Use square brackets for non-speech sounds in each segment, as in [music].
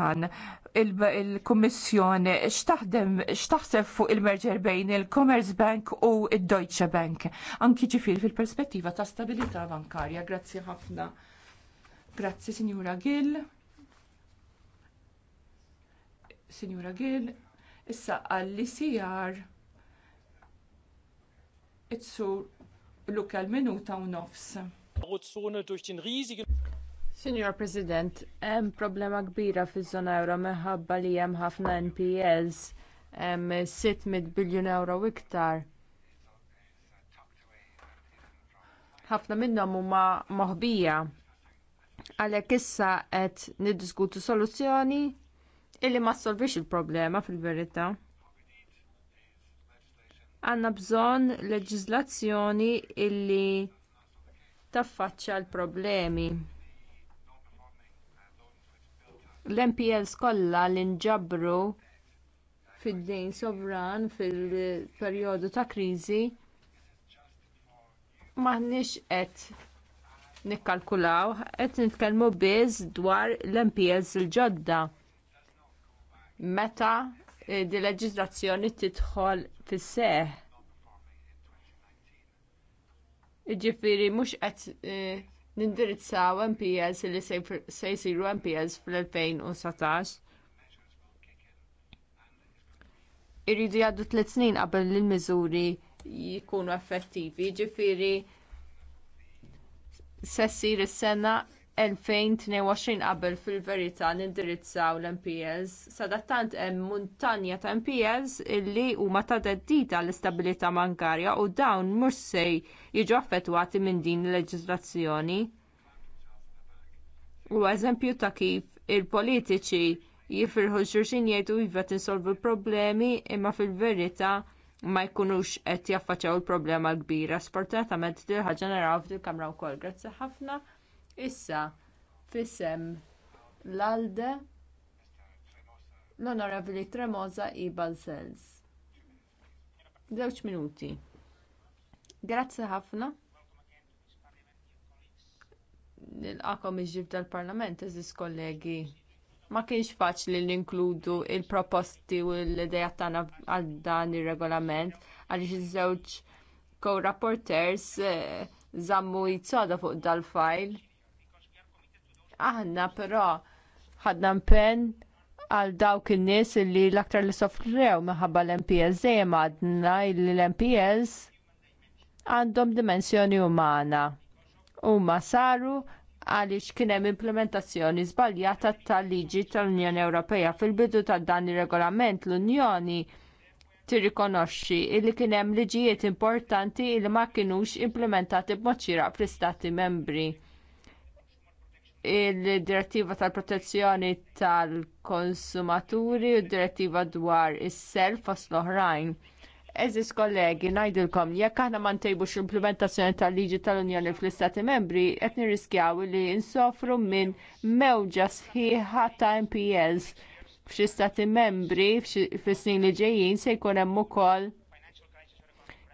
dan il-Kummissjoni x'taħdem x'taħseb fuq il-merġer bejn il-Commerce Bank u id-Deutsche Bank. Anki ġifir fil-perspettiva ta' stabilità bankarja. Grazzi ħafna. Grazzi Signora Gill. Signora Gill, issa għalli sijar it-sur l minuta u nofs. Signor President, hemm problema kbira fiż-żona euro minħabba li hemm ħafna NPLs hemm 600 biljun euro iktar. Ħafna minnhom huma moħbija. Għalhekk issa qed niddiskutu soluzzjoni illi ma solvix il-problema fil-verità Għanna bżonn leġiżlazzjoni illi taffaċċa l-problemi l mpls kollha li nġabru fid-dejn sovran fil-perjodu ta' kriżi m'aħniex qed nikkalkulaw, qed nitkellmu biss dwar l mpls il-ġodda. Meta di leġiżlazzjoni tidħol fis seħħ Jiġifieri mhux qed eh, nindirizzaw MPS li se jsiru MPS fl-2017. Irridu jaddu tliet snin qabel li l-miżuri jkunu effettivi, ġifiri se ssir is-sena 2022 qabel fil-verità nindirizzaw l-MPLs. Sadattant hemm muntanja ta' MPLs illi huma ta' teddita l-istabilità bankarja u dawn mhux se jiġu affettwati minn din il-leġiżlazzjoni. U eżempju ta' kif il-politiċi jifirħu xurxin jgħidu iva tinsolvu l-problemi imma fil-verità ma jkunux qed jaffaċċjaw il-problema l kbira. Sfortunatament dil ħaġa naraw fil-kamra wkoll. Grazzi ħafna. Issa f'isem l-Alde l-Onorevoli Tremosa i Balsells. Żewġ minuti. Grazzi ħafna. Nil-għakom iġġib tal-Parlament, eżis kollegi ma kienx faċli li inkludu l proposti u l-idejat tagħna għal dan ir-regolament għaliex iż-żewġ co-rapporters eh, zammu jitsoda fuq dal-fajl Aħna però ħadna mpenn għal dawk in-nies li l-aktar li soffrew minħabba l-MPS dejjem għadna li l-MPS għandhom dimensjoni umana. Huma saru għaliex kien hemm implementazzjoni żbaljata tal-liġi tal-Unjoni Ewropea fil-bidu ta' dan ir-regolament l-Unjoni tirrikonoxxi li kien hemm liġijiet importanti li ma kinux implementati b'mod xieraq fl-istati membri il-direttiva tal-protezzjoni tal-konsumaturi u d-direttiva dwar is-self fost l-oħrajn. Eżis kollegi, ngħidilkom, jekk aħna ma ntejbux l-implementazzjoni tal-liġi tal-Unjoni fl-Istati membri, qed nirriskjaw li nsofru minn mewġa sħiħa ta' MPLs f'xi stati membri fis-snin li ġejjin se jkun hemm ukoll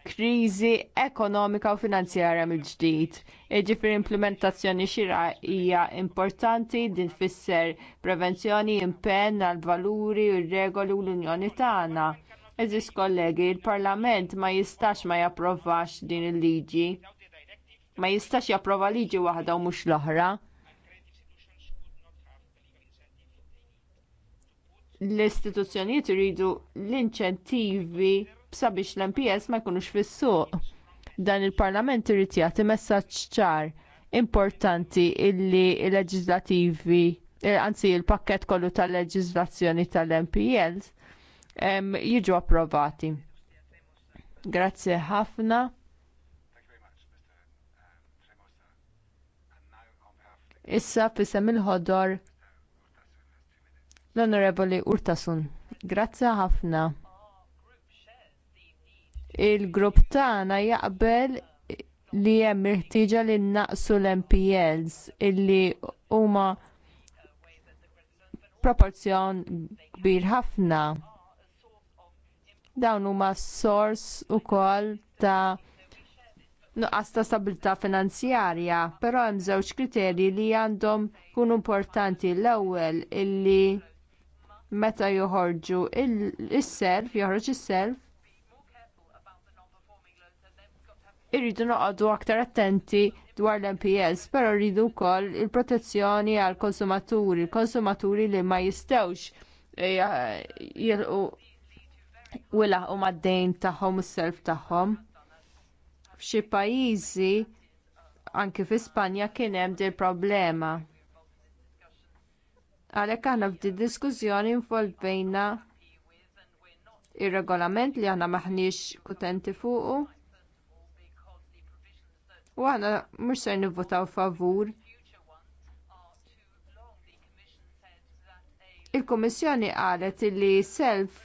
kriżi ekonomika u finanzjarja mill-ġdid. Jiġifieri implementazzjoni xira hija importanti din tfisser prevenzjoni, impenn għall valuri u r-regoli u l-Unjoni tagħna. Eżis kollegi, il-Parlament ma jistax ma japprovax din il-liġi. Ma jistax japprova liġi waħda u mhux l-oħra. l-istituzzjonijiet iridu l-inċentivi sabiex l-MPS ma jkunux fis-suq. Dan il-Parlament irid jagħti messaġġ ċar importanti illi l-leġislativi eh, anzi il-pakket kollu tal-leġiżlazzjoni tal-MPLs jiġu approvati. Grazzi ħafna. Issa fisem il-ħodor l-Onorevoli Urtasun. Grazzi ħafna il-grupp tagħna jaqbel li hemm irtiġa li naqsu l-MPLs illi huma proporzjon kbir ħafna. Dawn huma sors ukoll ta' nuqqas ta' stabilità finanzjarja, però hemm żewġ kriterji li għandhom jkunu importanti l-ewwel illi meta joħorġu is-self, joħroġ is-self, irridu noqogħdu aktar attenti dwar l-MPS, però rridu wkoll il-protezzjoni għall konsumaturi, konsumaturi li ma jistgħux eh, jilqu wila mad-dejn tagħhom u self tagħhom. F'xi pajjiżi anki fi Spanja kien hemm din problema. Għalhekk aħna f'din diskussjoni involvejna ir-regolament li aħna maħniex kutenti fuqu u għana mux ser nivvotaw favur. il kummissjoni qalet li self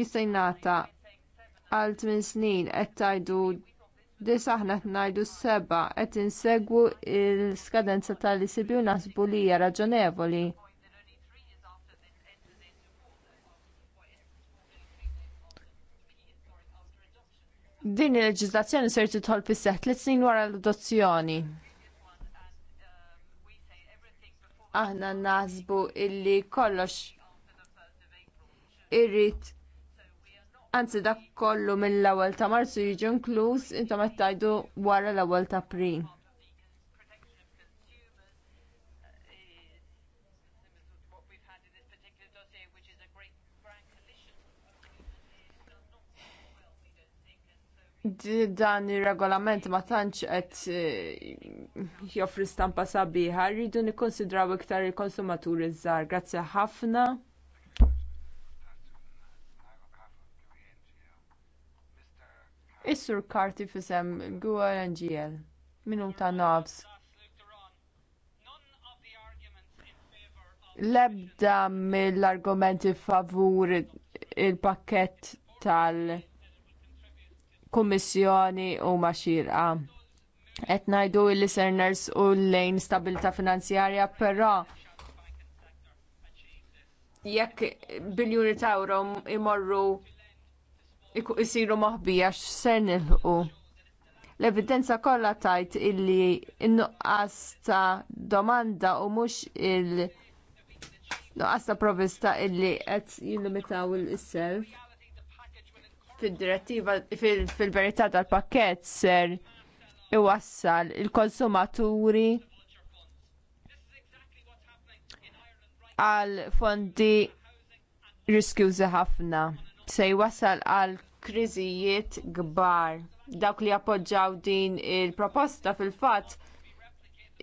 jistajnata għal 8 snin qed tajdu disaħna ngħidu seba qed insegwu l skadenza tal-isibi u naħsbu li hija raġonevoli. din il-leġizlazzjoni ser titħol fis-seħħ tliet snin wara l-adozzjoni. Aħna naħsbu illi kollox irrid anzi dak kollu mill-ewwel ta' Marzu jiġi inkluż intom qed tgħidu wara l-ewwel ta' April. dan ir-regolament ma tantx qed eh, joffri stampa sabiħa, rridu nikkonsidraw iktar il-konsumaturi żgħar. Grazzi ħafna. Is-sur karti fisem Google NGL. Minuta nofs. L'ebda mill-argumenti favur il-pakket tal- kummissjoni huma xierqa. Qed ngħidu li serners u lejn stabilità finanzjarja, però jekk biljuni ta' euro imorru jisiru maħbija x'ser nilħu. L-evidenza kollha tajt illi n-nuqqas ta' domanda u mhux il- nuqqas ta' provista illi qed jillimitaw il-self fil-direttiva fil-verità tal-pakket ser iwassal il-konsumaturi għal fondi riskjużi ħafna. Se jwassal għal kriżijiet kbar. Dawk li appoġġaw din il-proposta fil-fatt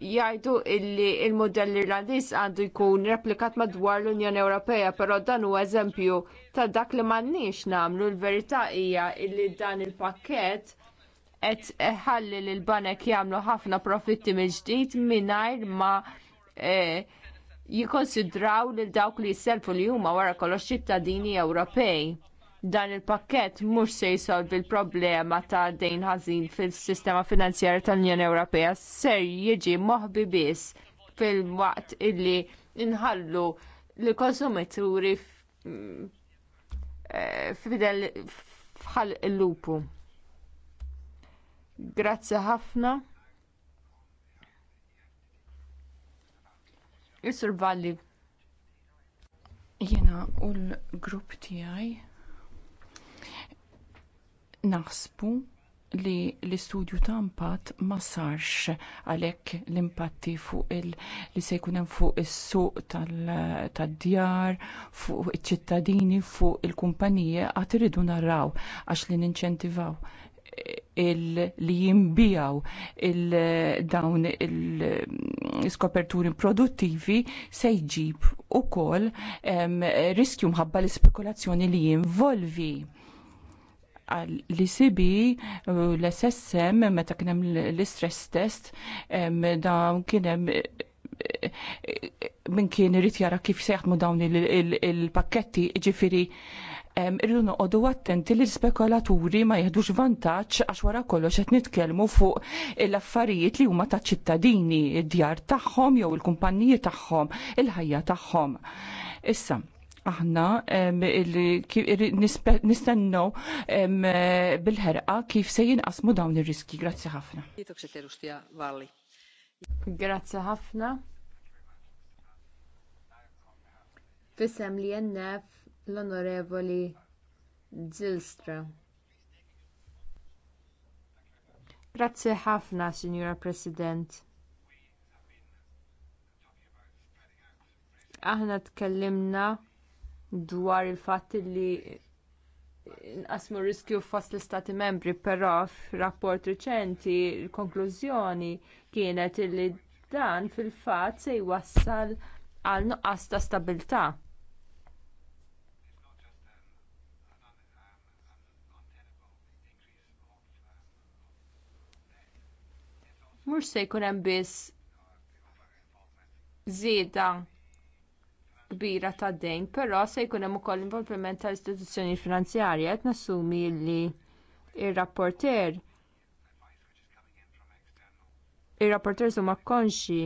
jgħidu illi il-modell irlandiż għandu jkun replikat madwar l-Unjoni Ewropea, però dan huwa eżempju ta' dak li m'għandniex nagħmlu. L-verità hija illi dan il-pakkett qed ħalli lil banek jagħmlu ħafna profitti mill-ġdid mingħajr ma e, jikkonsidraw lil dawk li jisselfu li huma wara kollox ċittadini Ewropej dan il-pakket mhux se jsolvi l-problema ta' dejn ħażin fil-sistema finanzjarja tal-Unjoni Ewropea ser jiġi moħbi biss fil-waqt illi inħallu l konsumaturi fidel eh, fħal il-lupu. Grazzi ħafna. Isur Valli. Jena u l-grupp tijaj naħsbu li l-istudju ta' impatt ma sarx għalhekk l-impatti fuq il li se jkun hemm fuq is-suq tad-djar, fuq iċ-ċittadini, fuq il-kumpaniji qatt iridu narraw għax li ninċentivaw li jimbijaw il-dawn il-skoperturi produttivi se jġib ukoll riskju mħabba l-ispekulazzjoni li jinvolvi li sibi l-SSM meta kienem l-stress test dawn kienem minn kien irrit jara kif seħmu dawn il-pakketti ġifiri irridu noqogħdu attenti li l-spekulaturi ma jeħdux vantaġġ għax wara kollox qed nitkellmu fuq l-affarijiet li huma ta' ċittadini, id-djar tagħhom jew il-kumpanniji tagħhom, il-ħajja tagħhom. Issa, aħna nistennu bil-ħerqa kif se jinqasmu dawn ir-riski. Grazzi ħafna. Grazzi ħafna. Fisem li jennef l-onorevoli Zilstra. Grazzi ħafna, Signora President. Aħna tkellimna dwar il-fatt li nqasmu riskju fost l-istati membri, però f'rapport riċenti l-konklużjoni kienet li dan fil-fatt se jwassal għal nuqqas ta' stabilità. Mhux se jkun hemm biss żieda kbira ta' dejn, però se jkun hemm ukoll involviment tal-istituzzjoni finanzjarji qed nassumi li ir-rapporter ir ma huma konxi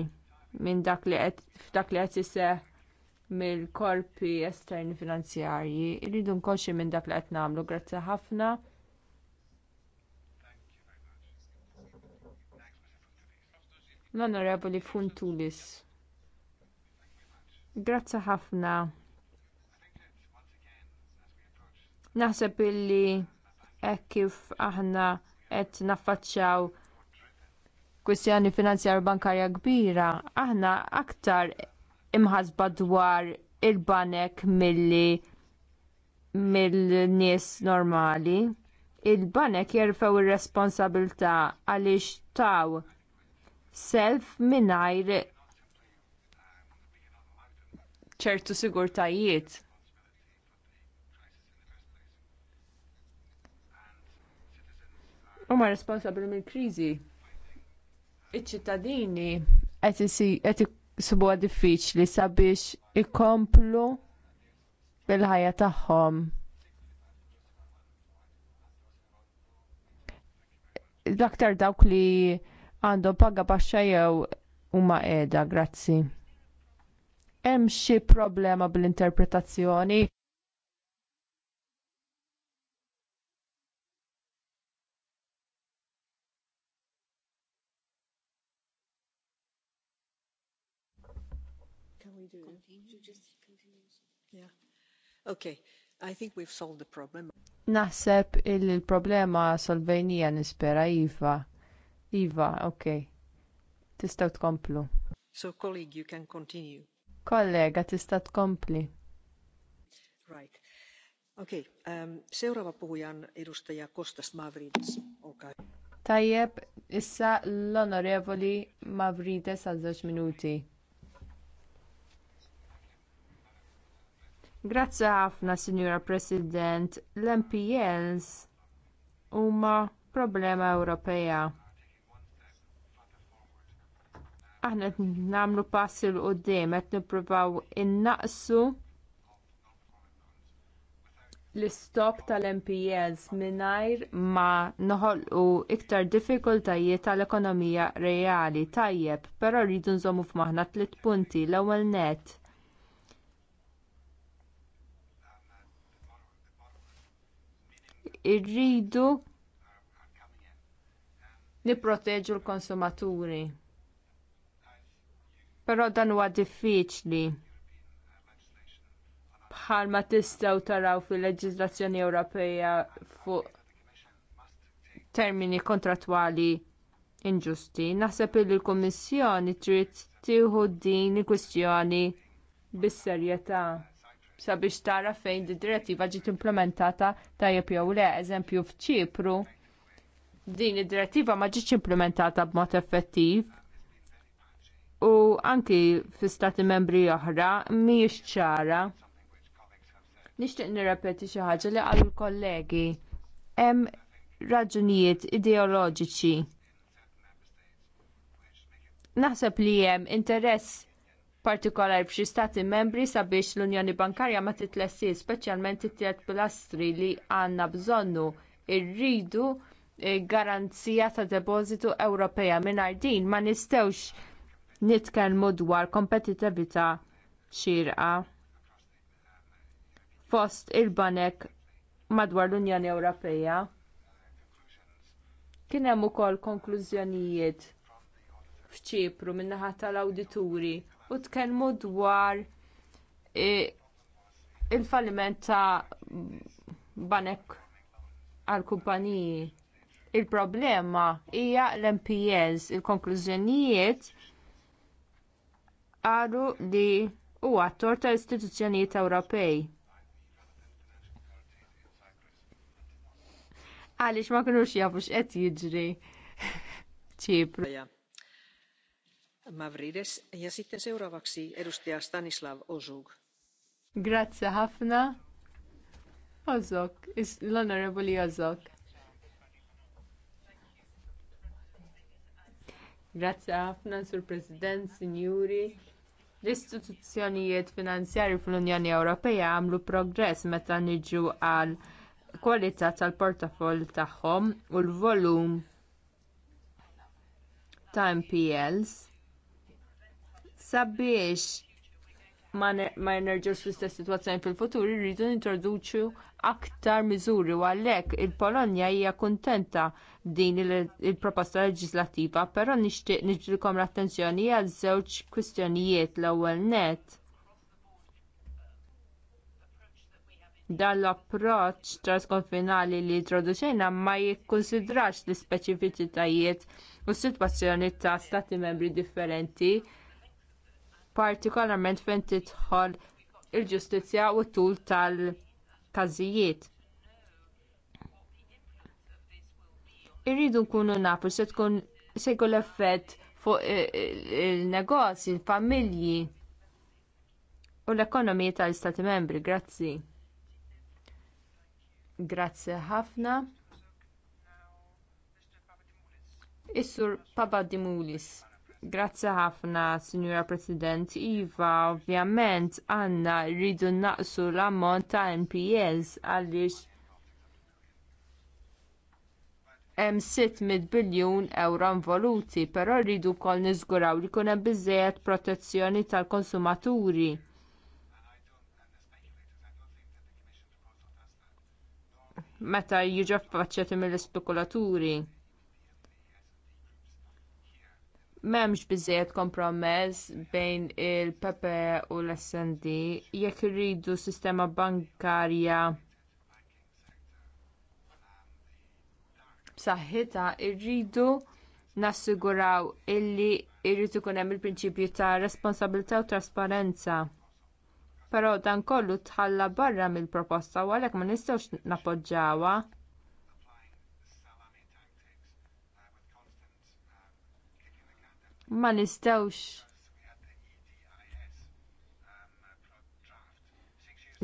minn dak li qed f'dak li qed iseħħ mill-korpi esterni finanzjarji irridu nkonxi minn dak li qed nagħmlu grazzi ħafna. L-Onorevoli Funtulis. Grazzi ħafna. Naħseb illi hekk kif aħna qed naffaċċjaw kwistjoni finanzjar bankarja kbira, aħna aktar imħasba dwar il-banek milli mill-nies normali. Il-banek jerfew ir-responsabilità għaliex taw self mingħajr ċertu sigurtajiet. Huma responsabbli mill-kriżi. Iċ-ċittadini qed isibuha diffiċli sabiex ikomplu bil-ħajja tagħhom. L-aktar dawk li għandhom paga baxxa jew huma qiegħda, grazzi hemm xi problema bl-interpretazzjoni. Okay, I think we've solved the problem. Naħseb il-problema solvejnija nispera Iva. Iva, ok. Tistaw tkomplu. So colleague, you can continue. Kollega, tista' tkompli. Right. Okay, um, seuraava puhuja edustaja Kostas Mavridis. Olkaa Tajjeb, issa l-onorevoli Mavrides għal żewġ minuti. Grazzi ħafna, Signora President. L-MPLs huma problema Ewropea aħna qed nagħmlu passi l qudiem qed nippruvaw innaqsu l-istop tal mps mingħajr ma noħolqu iktar diffikultajiet tal-ekonomija reali tajjeb, però rridu nżommu f'maħna tliet punti l-ewwel nett. Irridu nipproteġu l-konsumaturi. Però dan huwa diffiċli bħal ma tistgħu taraw fil-leġiżlazzjoni Ewropea fuq termini kontrattwali inġusti. Naħseb li l-Kummissjoni trid tieħu din il-kwistjoni bis-serjetà sabiex tara fejn id direttiva ġiet implementata tajjeb jew le, eżempju f'Ċipru din id-direttiva ma ġietx implementata b'mod effettiv u anki fi stati membri oħra mhijiex ċara. Nixtieq nirrepeti xi ħaġa li qalu l-kollegi. Hemm raġunijiet ideoloġiċi. Naħseb li hemm interess partikolar b'xi stati membri sabiex l-Unjoni Bankarja ma titlessi speċjalment it tiet pilastri li għandna bżonnu irridu eh, garanzija ta' depożitu Ewropea mingħajr din ma nistgħux nitkellmu dwar kompetittività xierqa fost il-banek madwar l-Unjoni Ewropea. Kien hemm ukoll konklużjonijiet f'ċipru min-naħa tal-awdituri u tkellmu dwar e, il-falliment ta' banek għall kumpaniji. Il-problema hija l mps il-konklużjonijiet qalu li huwa attor tal-istituzzjonijiet Ewropej. Għaliex ma kinux jafu x'qed jiġri. [laughs] Ċipru. Mavrides, ja sewra vaksi edustaja Stanislav Ozug. Grazie ħafna. Ozog, l-Honorable Ozog. Grazie ħafna, Sur President, Signori. L-istituzzjonijiet finanzjarji fl-Unjoni Ewropea għamlu progress meta niġu għal kwalità tal-portafoll tagħhom u l-volum ta' MPLs sabiex ma nerġgħux fl-istess situazzjoni fil-futur irridu nintroduċu aktar miżuri u għalhekk il-Polonja hija kuntenta b'din il-proposta leġislattiva, però nixtieq niġrilkom l-attenzjoni għal żewġ kwistjonijiet l-ewwel nett. dan l-approċċ transkonfinali li introduċejna ma jikkunsidrax l-ispeċifiċitajiet u s-sitwazzjoni ta' stati membri differenti partikolarment fejn tidħol il-ġustizzja u t-tul tal-każijiet. Irridu nkunu nafu se tkun se jkun l-effett fuq eh, eh, il-negozji, il-familji u l-ekonomija tal-Istati Membri. Grazzi. Grazzi ħafna. Issur Papa Dimulis. Grazzi ħafna, Sinjura President. Iva, ovvjament, għanna rridu naqsu l-ammont ta' NPS għaliex hemm 600 biljun euro involuti, però rridu kol niżguraw li jkun hemm biżżejjed protezzjoni tal-konsumaturi. Meta jiġu affaċċjati mill-ispekulaturi. m'hemmx biżżejjed kompromess bejn il ppe u l-sd jekk irridu sistema bankarja b'saħħitha irridu nassiguraw illi jrid ikun hemm il-prinċipju ta' responsabilità u trasparenza però dan kollu tħalla barra mill-proposta u għalhekk ma nistgħux nappoġġjawha ma nistawx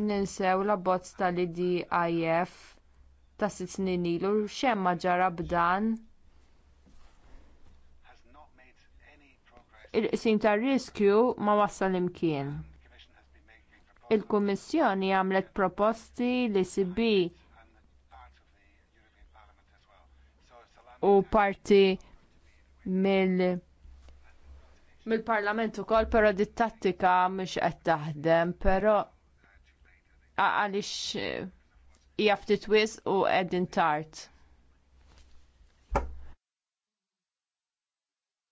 ninsew l-abbozz tal-idif ta' sitt snin ilu x'hemm ma ġara b'dan il-qsim tar-riskju ma wassal imkien il-kummissjoni għamlet proposti li sibi. u parti mill mill-parlament ukoll, però dit-tattika mhux qed taħdem, però għaliex eh, hija ftit u qegħdin tard.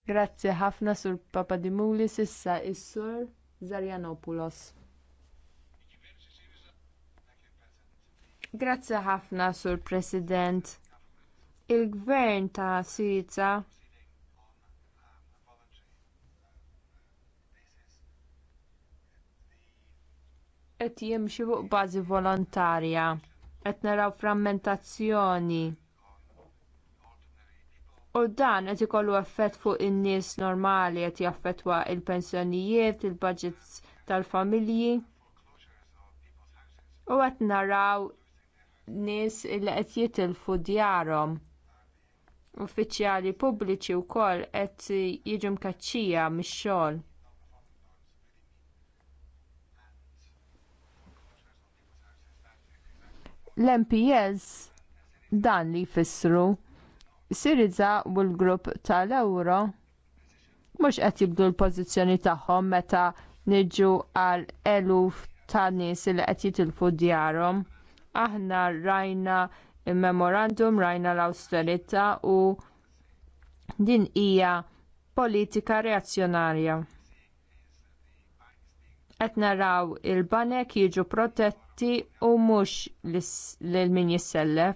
Grazzi ħafna sur Papadimulis issa is-sur Zarjanopoulos. Grazzi ħafna sur President. Il-gvern ta' Siza qed jimxi fuq bażi volontarja qed naraw frammentazzjoni u dan qed ikollu effett fuq in-nies normali qed jaffettwa l-pensjonijiet il-budgets tal-familji u qed naraw nies li qed jitilfu djarhom uffiċjali pubbliċi wkoll qed jiġu mkaċċija mix-xogħol L-MPS dan li jfissru Siriza u l-grupp tal-Euro mhux qed jibdu l-pożizzjoni tagħhom meta niġu għal eluf ta' nies li qed jitilfu djarhom. Aħna rajna il-memorandum, rajna l-austerità u din hija politika reazzjonarja. Qed naraw il-banek jiġu protetti l u mhux lil min jissellef.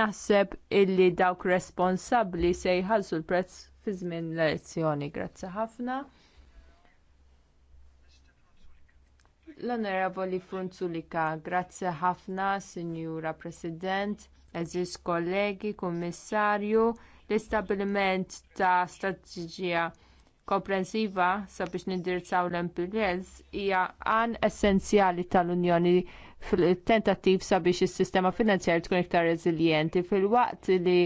Naħseb illi dawk responsabbli se jħallsu l-prezz fi żmien l-elezzjoni. Grazzi ħafna. L-Onorevoli Frunzulika, grazzi ħafna, Sinjura President, eżis kollegi, Kummissarju, l-istabiliment ta' strateġija komprensiva sabiex nindirizzaw l-MPLs hija għan essenzjali tal-Unjoni fil-tentattiv sabiex is-sistema finanzjarja tkun iktar reżiljenti fil-waqt li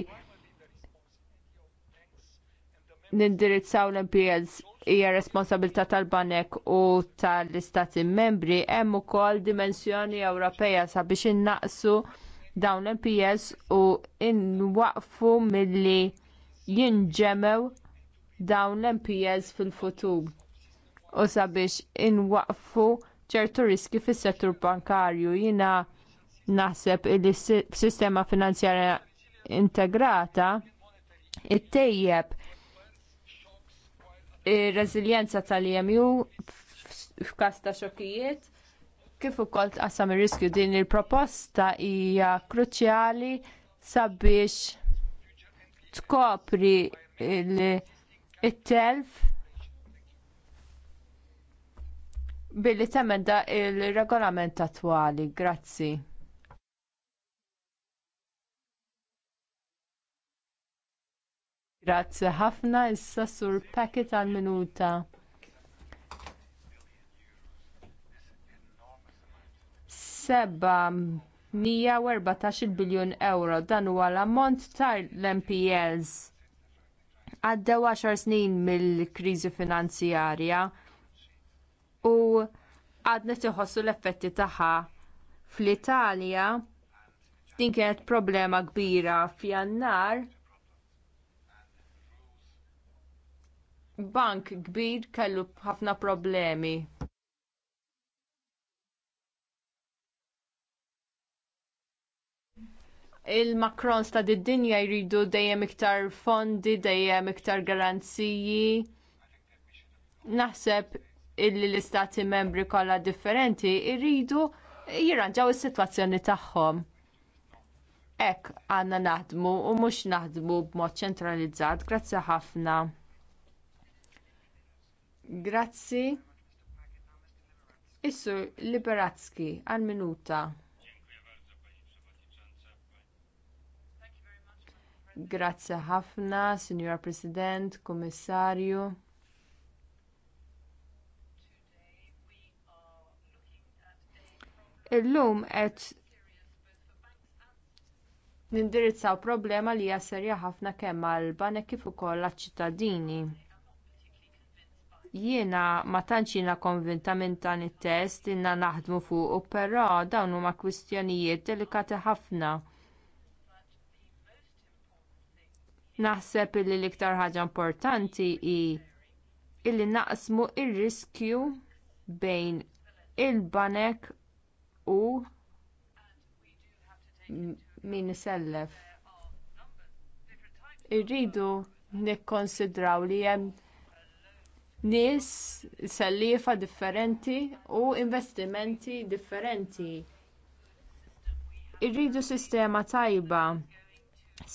nindirizzaw l-MPLs hija responsabilità tal-banek u tal-istati membri, hemm ukoll dimensjoni Ewropea sabiex innaqsu dawn l-MPS u inwaqfu milli jinġemew dawn l-MPS fil-futur u sabiex inwaqfu ċertu riski fis-settur bankarju jiena naħseb li s-sistema finanzjarja integrata ttejjeb ir-reżiljenza tal-EMU f'każ ta' xokkijiet kif ukoll tqassam ir-riskju din il-proposta hija kruċjali sabiex tkopri l- it-telf billi temenda il-regolament attwali. Grazzi. Grazzi ħafna issa sur packet għal minuta. Seba' 114 biljun euro dan huwa l-ammont tal-MPLs għaddew 10 snin mill-kriżi finanzjarja u għadna tiħossu l-effetti tagħha fl-Italja din kienet problema kbira f'jannar bank kbir kellu ħafna problemi il-Macrons ta' dinja jridu dejjem iktar fondi, dejjem iktar garanziji. Naħseb illi l-istati membri kollha differenti jridu jirranġaw is-sitwazzjoni tagħhom. Hekk għandna naħdmu u mhux naħdmu b'mod ċentralizzat. Grazzi ħafna. Grazzi. Issu Liberatski għal minuta. Grazzi ħafna, Signor President, Kummissarju. Illum qed nindirizzaw problema li hija serja ħafna kemm għall-banek kif ukoll għaċ-ċittadini. Jiena ma tantx jiena konvinta minn dan it-test inna naħdmu fuq, però dawn huma kwistjonijiet delikati ħafna Naħseb li l-iktar ħaġa importanti hi illi naqsmu r riskju bejn il-banek u min isellef. Irridu nikkonsidraw li hemm nies selliefa differenti u investimenti differenti. Irridu sistema tajba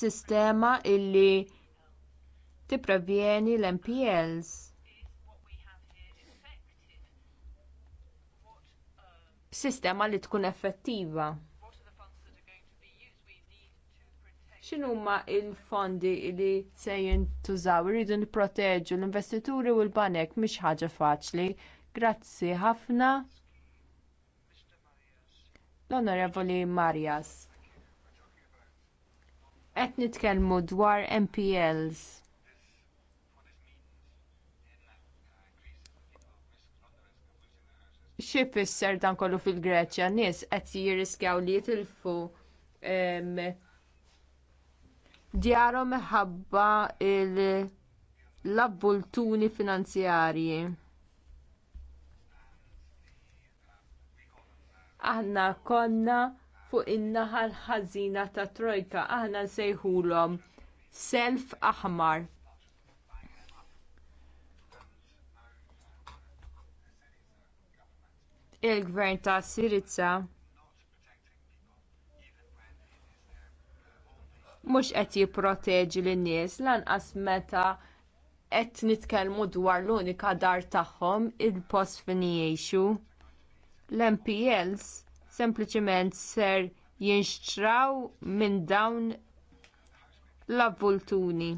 sistema illi tipprevjeni l-mpls sistema li tkun effettiva x'inhuma l-fondi li se jintużaw irridu nipproteġu l-investituri u l-banek mhix ħaġa faċli grazzi ħafna l-onorevoli marias qed nitkellmu dwar MPLs. Xi fisser dan kollu fil-Greċja nies qed jirriskjaw li jitilfu djarhom minħabba l-abbultuni finanzjarji. Aħna konna fuq in-naħa l-ħażina tat Trojka aħna nsejħulhom self aħmar. Il-gvern ta' Sirizza mhux qed jipproteġi lin-nies lanqas meta qed nitkellmu dwar l-unika dar tagħhom il-post fejn jgħixu. L-MPLs sempliciment ser jinxtraw minn dawn l-avvoltuni.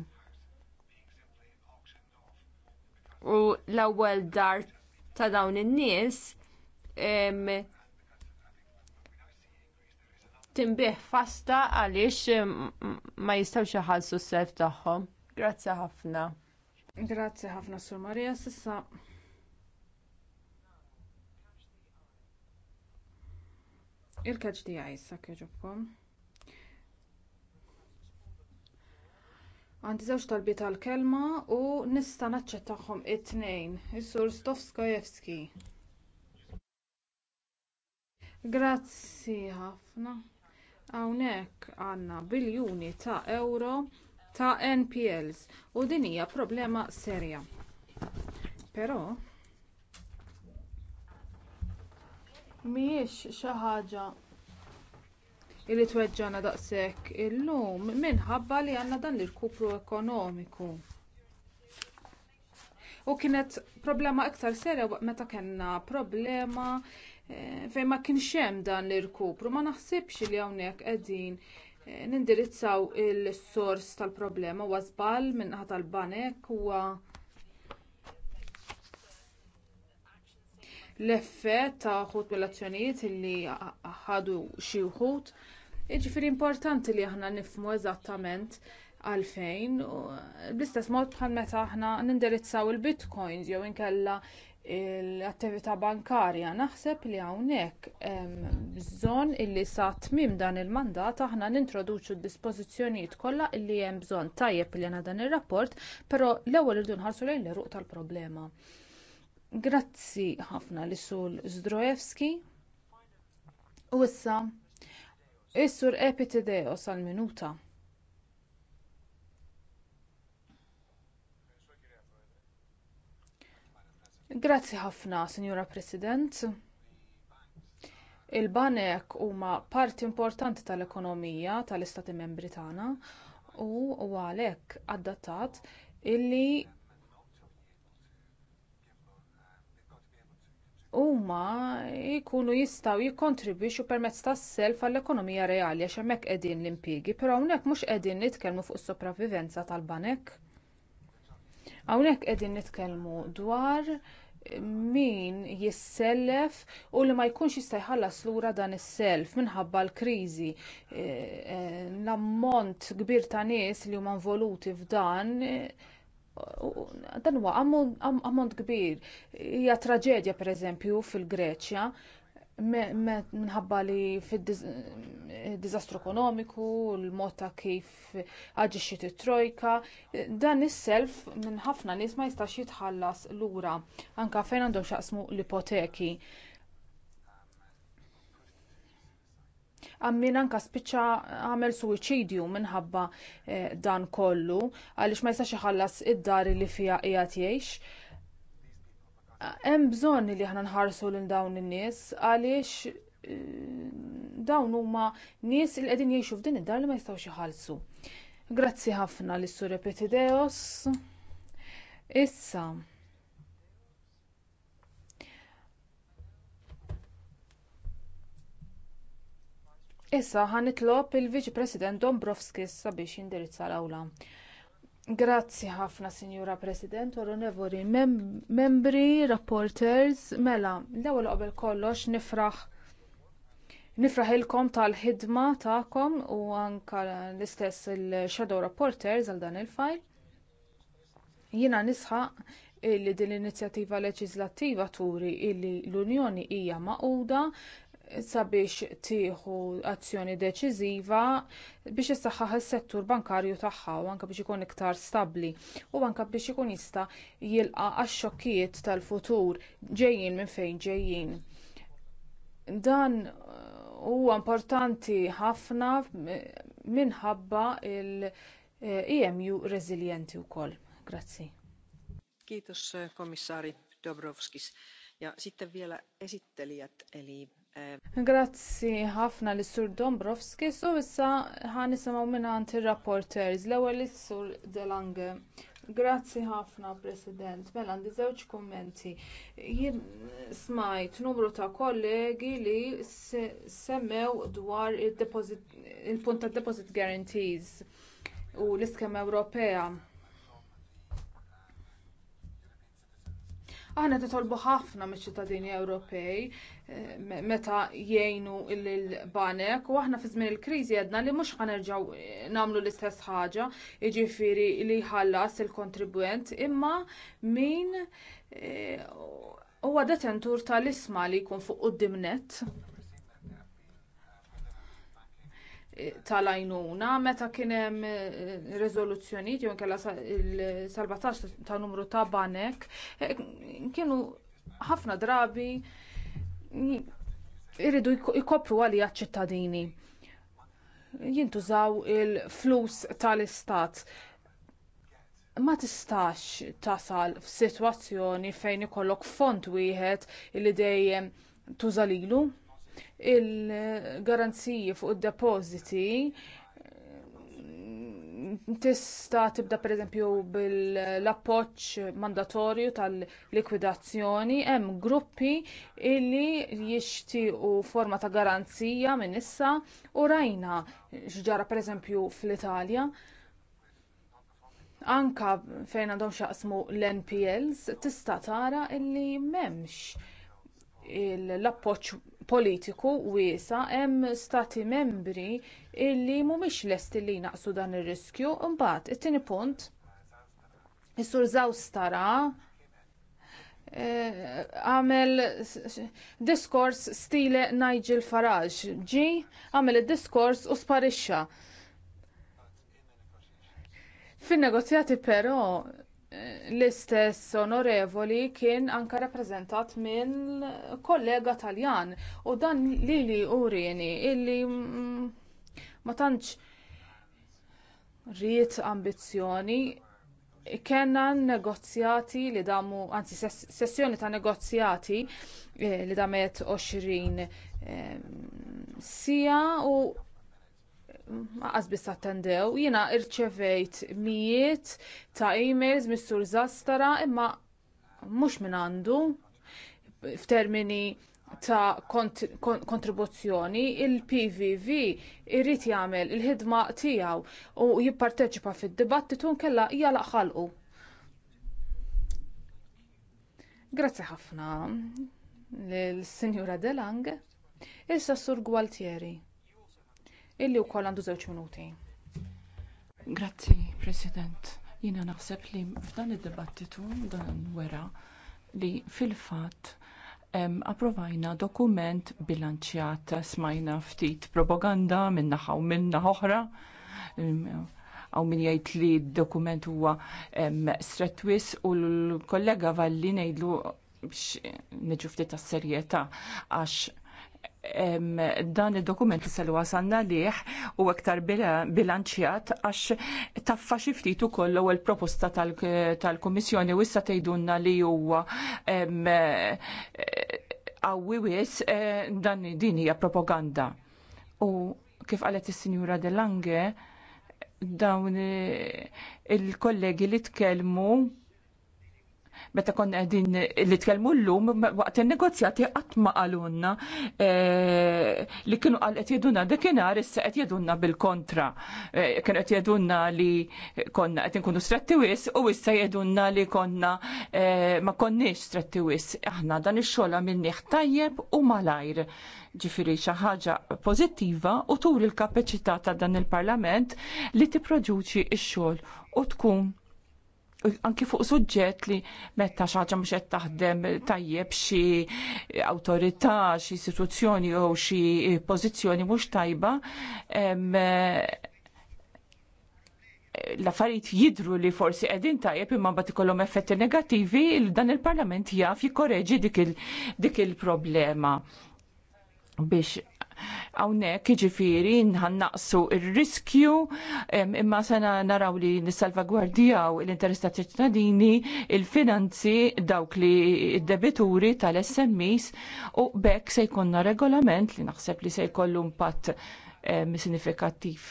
U l-ewwel dar ta' dawn in-nies timbih fasta għaliex ma jistgħux iħallsu s-self tagħhom. Grazzi ħafna. Grazzi ħafna Sur Marija sissa il catch di għaj, sakja ġobkom. Għandi żewġ talbi tal-kelma u nista naċċettahom it-tnejn, is-sur Stofskojewski. Grazzi ħafna. Hawnhekk għandna biljuni ta' euro ta' NPLs u din hija problema serja. Però mhijiex xi ħaġa li tweġġagħna daqshekk illum minħabba li għandna dan l-irkupru ekonomiku u kienet problema iktar serja meta kellna problema eh, fejn ma kienx hemm dan l-irkupru ma naħsibx li hawnhekk qegħdin eh, nindirizzaw is sors tal-problema huwa żball min tal-banek huwa l-effett ta' wħud mill-azzjonijiet li ħadu xi wħud. Jiġifieri importanti li aħna nifhmu eżattament għalfejn bl-istess mod bħal meta aħna nindirizzaw il-bitcoins jew inkella l-attività bankarja naħseb li hawnhekk hemm bżonn illi sa tmiem dan il-mandat aħna nintroduċu d-dispożizzjonijiet kollha li hemm bżonn tajjeb li għandna dan ir-rapport però l-ewwel irridu nħarsu lejn l-eruq tal-problema Grazzi ħafna li sul Zdrojewski. U issa is-sur Epitideo sal-minuta. Grazzi ħafna, Sinjura President. Il-banek huma parti importanti tal-ekonomija tal-Istati Membri tagħna u għalhekk adattat illi huma jkunu jistgħu jikkontribwixxu permezz tas-self għall-ekonomija reali għax hemmhekk qegħdin l-impjiegi però hawnhekk mhux qegħdin nitkellmu fuq is-sopravivenza tal-banek hawnhekk qegħdin nitkellmu dwar min jissellef u li ma jkunx jista' jħallas lura dan is-self minħabba l-kriżi eh, eh, l-ammont kbir ta' nies li huma involuti f'dan dan huwa ammont kbir. Hija traġedja pereżempju fil-Greċja minħabba li fid-diżastru ekonomiku, l-mod ta' kif aġixxiet it-trojka, dan is-self minn ħafna nies ma jistax jitħallas lura anke fejn għandhom xaqsmu l-ipoteki. Għammin anka spiċċa għamel suicidju minħabba eh, dan kollu għaliex ma jistax iħallas id-dar li fiha qiegħed jgħix. Hemm bżonn li aħna nħarsu lil dawn in-nies għaliex eh, dawn huma nies li qegħdin jgħixu f'din id-dar li ma jistgħux iħallsu. Grazzi ħafna li sur Epitideos. Issa, Issa ħa nitlob il-Viċi President Dombrovskis sabiex jindirizza l-awla. Grazzi ħafna, Sinjura President, onorevoli mem membri, rapporters, mela, l-ewwel qabel kollox nifraħ Nifraħ ilkom tal-ħidma tagħkom u anke l-istess il-Shadow Rapporters għal dan il file Jiena nisħaq li din l-inizjattiva leġislattiva turi li l-Unjoni hija maquda sabiex tieħu azzjoni deċiżiva biex issaħħaħ is-settur bankarju tagħha u anke biex ikun iktar stabbli u anke biex ikun jista' jilqa' għax-xokkijiet tal-futur ġejjin minn fejn ġejjin. Dan huwa importanti ħafna minħabba l-EMU reżiljenti wkoll. Grazzi. Kitos komissari Dobrovskis. Ja sitten eli... Eh, Grazzi ħafna lis sur Dombrovskis u issa ħan nisimgħu mingħand ir-rapporters l-ewwel is-sur Delange. Grazzi ħafna President. Mela għandi żewġ kummenti. Jien smajt numru ta' kollegi li semmew dwar il-punt tad deposit guarantees u l-iskema Ewropea Aħna titolbu ħafna miċ-ċittadini Ewropej eh, meta jgħinu lil banek u aħna fi żmien il-kriżi għedna li mhux ħanerġgħu eh, nagħmlu l-istess ħaġa, jiġifieri li jħallas il-kontribwent imma min eh, huwa detentur tal-isma li jkun fuq quddiem net tal-għajnuna meta kien hemm eh, riżoluzzjonijiet jew inkella il-salvataġġ ta' numru ta' banek eh, kienu ħafna drabi iridu jkopru għalija ċittadini jintużaw il-flus tal-istat ma tistax tasal f'sitwazzjoni fejn ikollok fond wieħed li dejjem tuża lilu il-garanziji fuq id-depożiti tista' tibda pereżempju bil-appoġġ mandatorju tal-likwidazzjoni hemm gruppi li jixtiequ forma ta' garanzija minn issa u rajna x'ġara pereżempju fl-Italja anke fejn għandhom xaqsmu l-NPLs tista' tara li m'hemmx l-appoġġ politiku wiesa' hemm stati membri li mhumiex lesti li jnaqsu dan ir-riskju imbagħad it-tieni punt is-sur Zawstara eh, għamel diskors stile Nigel Farage. Ġi għamel id-diskors u sparixxa. Fin-negozjati però l-istess onorevoli kien anke rappreżentat minn kollega Taljan u dan lili urini illi mm, ma tantx ried ambizzjoni kellna negozjati li damu anzi sessjoni ta' negozjati eh, li damet 20 eh, siegħa u biss attendew, jina irċevejt mijiet ta' emails mis-sur Zastara imma mux minn għandu f'termini ta' kontribuzzjoni il-PVV irrit jagħmel il-ħidma tiegħu u jipparteċipa fid-dibattitu nkella jalaq ħalqu. Grazzi ħafna l sinjura Delang. Issa Sur Gualtieri illi wkoll għandu żewġ minuti. Grazzi, President. Jiena naħseb li f'dan id-dibattitu dan wera li fil-fatt approvajna dokument bilanċjat smajna ftit propaganda minna u minna oħra għaw min jgħid li d-dokument huwa stretwis u l-kollega valli ngħidlu biex niġu ftit tas-serjetà għax dan il-dokument li sal wasanna liħ u għaktar bilanċjat għax taffa xiftitu ukoll għal proposta tal-Komissjoni u issa tgħidulna li huwa qawwi wis e, dan din hija propaganda. U kif qalet is-Sinjura De Lange dawn e, il-kollegi li tkellmu meta konna din li tkellmu llum waqt in-negozjati qatt ma qalunna eh, li kienu qal qed jedunna dikinhar issa qed jedunna bil-kontra. Eh, Kien qed jedunna li konna qed inkunu stretti wis u issa jedunna li konna eh, ma konniex stretti wis. Aħna dan ix-xogħol għamilnieh tajjeb u malajr. Ġifieri xi ħaġa pożittiva u tur il-kapaċità ta' dan il-Parlament li tipproduċi x-xogħol u tkun anki fuq suġġett li metta xaġa mhux qed taħdem tajjeb xi awtorità, xi istituzzjoni jew xi pożizzjoni mhux tajba l-affarijiet jidru li forsi qegħdin tajjeb imma bad ikollhom effetti negattivi dan il-Parlament jaf jikkoreġi dik il-problema biex hawnhekk jiġifieri nħannaqsu il riskju imma sena naraw li nissalvagwardjaw l-interess ta' ċittadini, il-finanzi dawk li debituri tal-SMEs u bekk se jkollna regolament li naħseb li se jkollu impatt sinifikattiv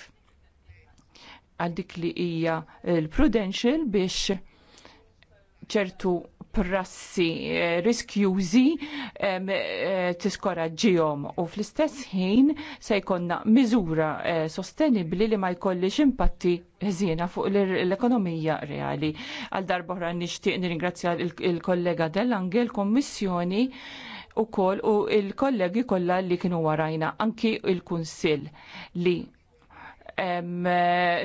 għal dik li hija eh, l-prudential biex ċertu prassi eh, riskjużi eh, tiskoraġġihom u fl-istess ħin se jkollna miżura eh, sostenibbli li ma jkollix impatti ħżiena fuq l-ekonomija reali. Għal darbohra nixtieq nirringrazzja il-kollega Dell'Ange, il-Kommissjoni u kol u il-kollegi kollha li kienu warajna anki il-Kunsill li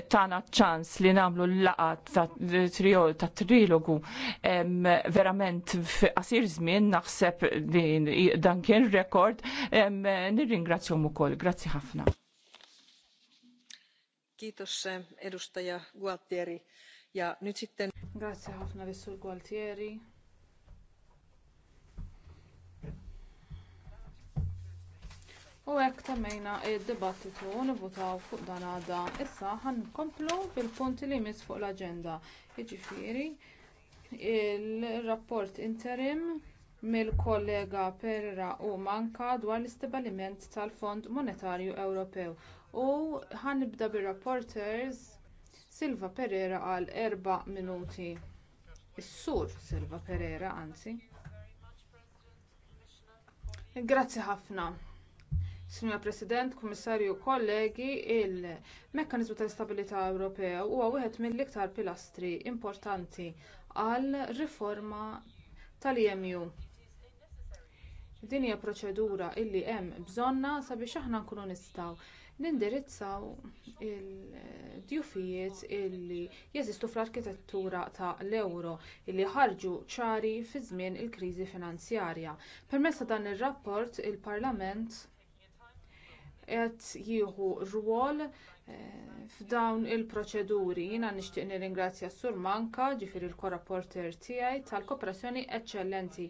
tana ċans li namlu l-laqat ta' triol ta' trilogu verament f'qasir żmien naħseb dan kien rekord nirringrazzjom ukoll. Grazzi ħafna. Kitos, eh, edustaja Gualtieri. Ja, nyt sitten... Grazie ħafna l-Sur Gualtieri. u hekk temmejna d-dibattitu u nivvotaw fuq dan għadha issa nkomplu bil-punti li jmiss fuq l-aġenda jiġifieri l rapport interim mill-kollega pereira u Manka dwar l-istabbiliment tal-fond monetarju ewropew u ħanibda bir-rapporters silva pereira għal erba' minuti is-sur silva pereira anzi grazzi ħafna Signor President, Kummissarju, kollegi, il-Mekkanizmu tal-Istabilità Ewropew huwa wieħed mill-iktar pilastri importanti għal riforma tal-EMU. Din hija proċedura illi hemm bżonna sabiex aħna nkunu nistgħu nindirizzaw il-djufijiet illi jeżistu fl-arkitettura ta' l-euro illi ħarġu ċari fi żmien il-kriżi finanzjarja. Permezz ta' dan ir-rapport il-Parlament qed jieħu rwol eh, f'dawn il-proċeduri. Jiena nixtieq nirringrazzja s-Sur Manka, ġifieri l-korrapporter tiegħi tal-kooperazzjoni eċċellenti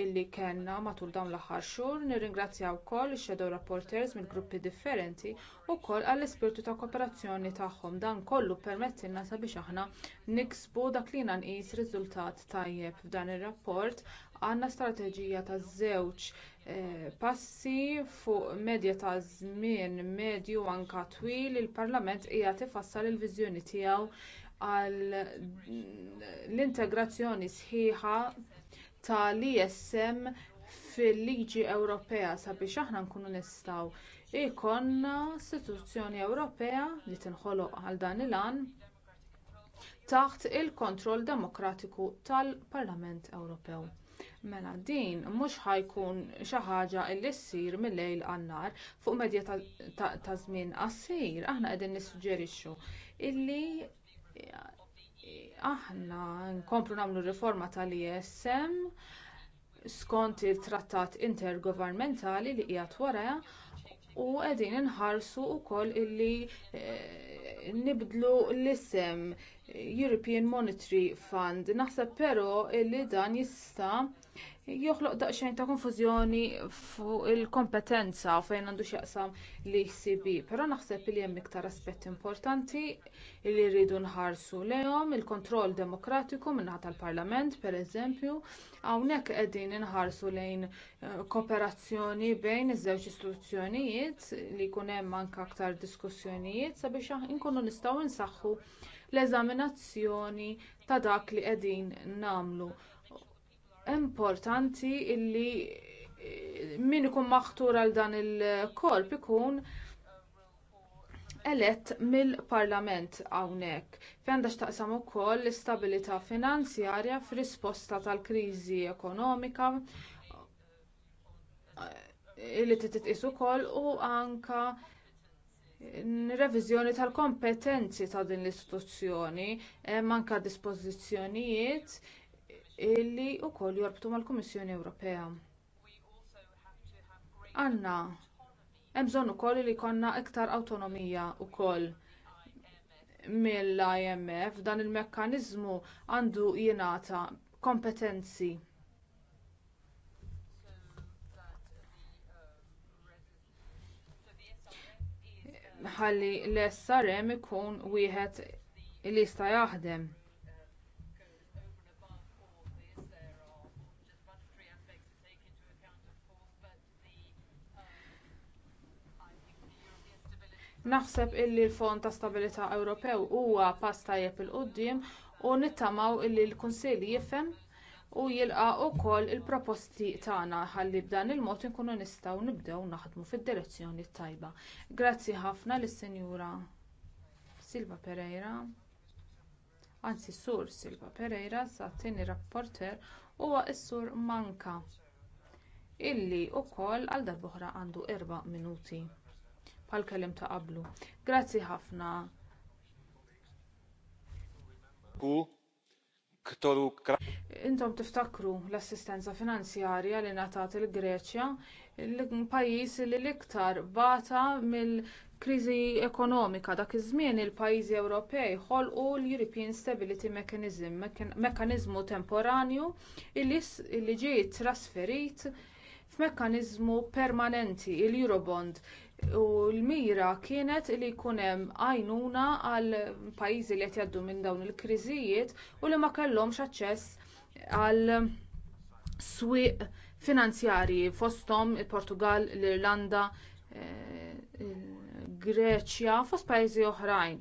illi kellna matul dawn l-aħħar xhur nirringrazzja wkoll ix-shadow rapporteurs mill-gruppi differenti wkoll għall-ispirtu ta' kooperazzjoni tagħhom dan kollu permettilna sabiex aħna niksbu dak li jiena nqis riżultat tajjeb f'dan ir-rapport għandna strateġija ta' żewġ eh, passi fuq medja ta' żmien medju anke twil il-parlament qiegħed ifassal il-viżjoni tiegħu għall l-integrazzjoni sħiħa tal-ism fil-liġi ewropea sabiex aħna nkunu nistgħu jkollna istituzzjoni ewropea li tinħoloq għal dan il-għan taħt il-kontroll demokratiku tal-parlament ewropew mela din mhux ħajkun xi ħaġa li ssir mil-lejl għan-nar fuq medja ta' żmien qasir aħna qegħdin nissuġġerixxu illi aħna nkomplu nagħmlu riforma tal-ISM skont it trattat intergovernmentali li qiegħed wara u qegħdin inħarsu wkoll illi e, nibdlu l-isem European Monetary Fund. Naħseb però li dan jista' joħloq daqsxejn ta' konfużjoni fuq il-kompetenza fejn għandu x'jaqsam l-ECB, però naħseb li hemm iktar aspetti importanti li rridu nħarsu lejhom il-kontroll demokratiku minnaħa tal-Parlament pereżempju, hawnhekk qegħdin inħarsu lejn eh, kooperazzjoni bejn iż-żewġ istituzzjonijiet li jkun hemm anke aktar diskussjonijiet sabiex inkunu nistgħu nsaħħu l-eżaminazzjoni ta' dak li qegħdin nagħmlu importanti illi eh, min ikun maħtur għal dan il-korp ikun elett mill-Parlament hawnhekk. Fejn x'taqsam ukoll l-istabilità finanzjarja f'risposta tal-kriżi ekonomika eh, li titqis ukoll u anke reviżjoni tal-kompetenzi ta' din l-istituzzjoni hemm eh, anke dispożizzjonijiet illi wkoll jorbtu mal-Kummissjoni Ewropea. Għandna hemm bżonn ukoll li jkollna iktar awtonomija wkoll mill-IMF dan il-mekkaniżmu għandu jingħata kompetenzi ħalli l-srm ikun wieħed li jista' jaħdem naħseb illi l-fond ta' stabilità ewropew huwa pass tajjeb il qoddim u nittamaw illi l-kunsill jifhem u jilqa wkoll il-proposti tagħna ħalli b'dan il-mod inkunu nistgħu nibdew naħdmu fid-direzzjoni tajba. Grazzi ħafna lis-Sinjura Silva Pereira. Anzi sur Silva Pereira sa tieni rapporter huwa s-sur Manka illi wkoll għal darb'oħra għandu erba' minuti bħal kellim ta' qablu. Grazzi ħafna. Intom tiftakru l-assistenza finanzjarja li ngħatat il-Greċja, il-pajjiż li l-iktar bata mill-kriżi ekonomika dak iż-żmien il-pajjiżi Ewropej ħolqu l-European Stability Mechanism, mekkaniżmu temporanju li ġiet trasferit f'mekkaniżmu permanenti il-Eurobond u l-mira kienet li jkun hemm għajnuna għal pajjiżi li qed jgħaddu minn dawn il-kriżijiet u li ma kellhomx aċċess għal swieq finanzjarji fosthom il-Portugal, l-Irlanda, eh, Greċja, fost pajjiżi oħrajn.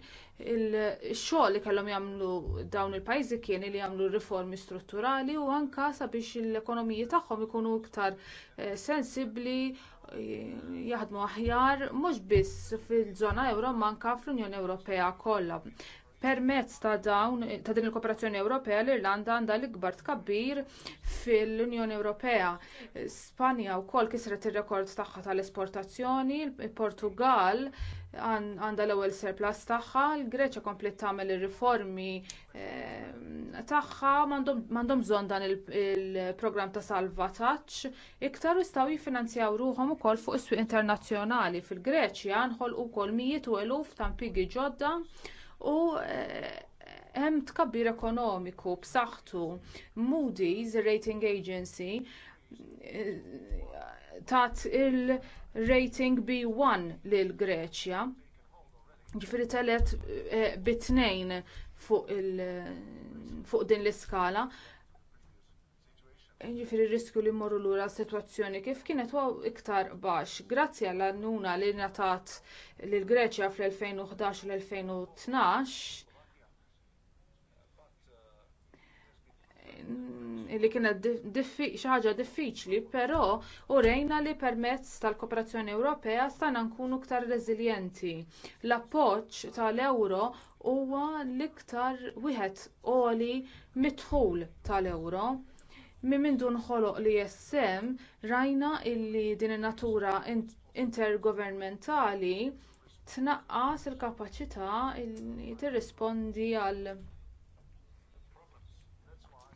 Ix-xogħol li kellhom jagħmlu dawn il-pajjiżi kien li jagħmlu riformi strutturali u anke sabiex l-ekonomiji tagħhom ikunu iktar eh, sensibbli jaħdmu aħjar mhux biss fil-żona euro manka fl-Unjoni Ewropea kollha. Permezz ta' dawn ta' din il-kooperazzjoni Ewropea l-Irlanda għandha l-ikbar tkabbir fil-Unjoni Ewropea. Spanja wkoll kisret ir-rekord tagħha tal-esportazzjoni, il-Portugal il portugal għandha l-ewwel surplus tagħha, il-Greċja komplet tagħmel ir-riformi eh, tagħha m'għandhom bżonn dan il-programm ta' salvataġġ iktar jistgħu jiffinanzjaw ruhom ukoll fuq is-swieq internazzjonali fil-Greċja u kol mijiet u eluf ta' impjiegi ġodda u eh, hemm tkabbir ekonomiku b'saħħtu. Moody's rating agency eh, tat il-rating B1 lill Greċja. Ġifiri telet eh, bitnejn fuq, fuq din l-iskala. Ġifiri riskju li mmorru lura s-sitwazzjoni kif kienet huwa iktar baxx. Grazzi għall annuna li ngħatat lil Greċja fl-2011 u l-2012 li kienet xi ħaġa diffiċli, però urejna li permezz tal-Kooperazzjoni Ewropea stajna nkunu aktar reżiljenti. L-appoġġ tal-euro huwa l-iktar wieħed qoli mitħul tal-euro. Min minn dun ħoloq li jessem rajna illi din in-natura intergovernmentali tnaqqas il-kapaċità li tirrispondi għal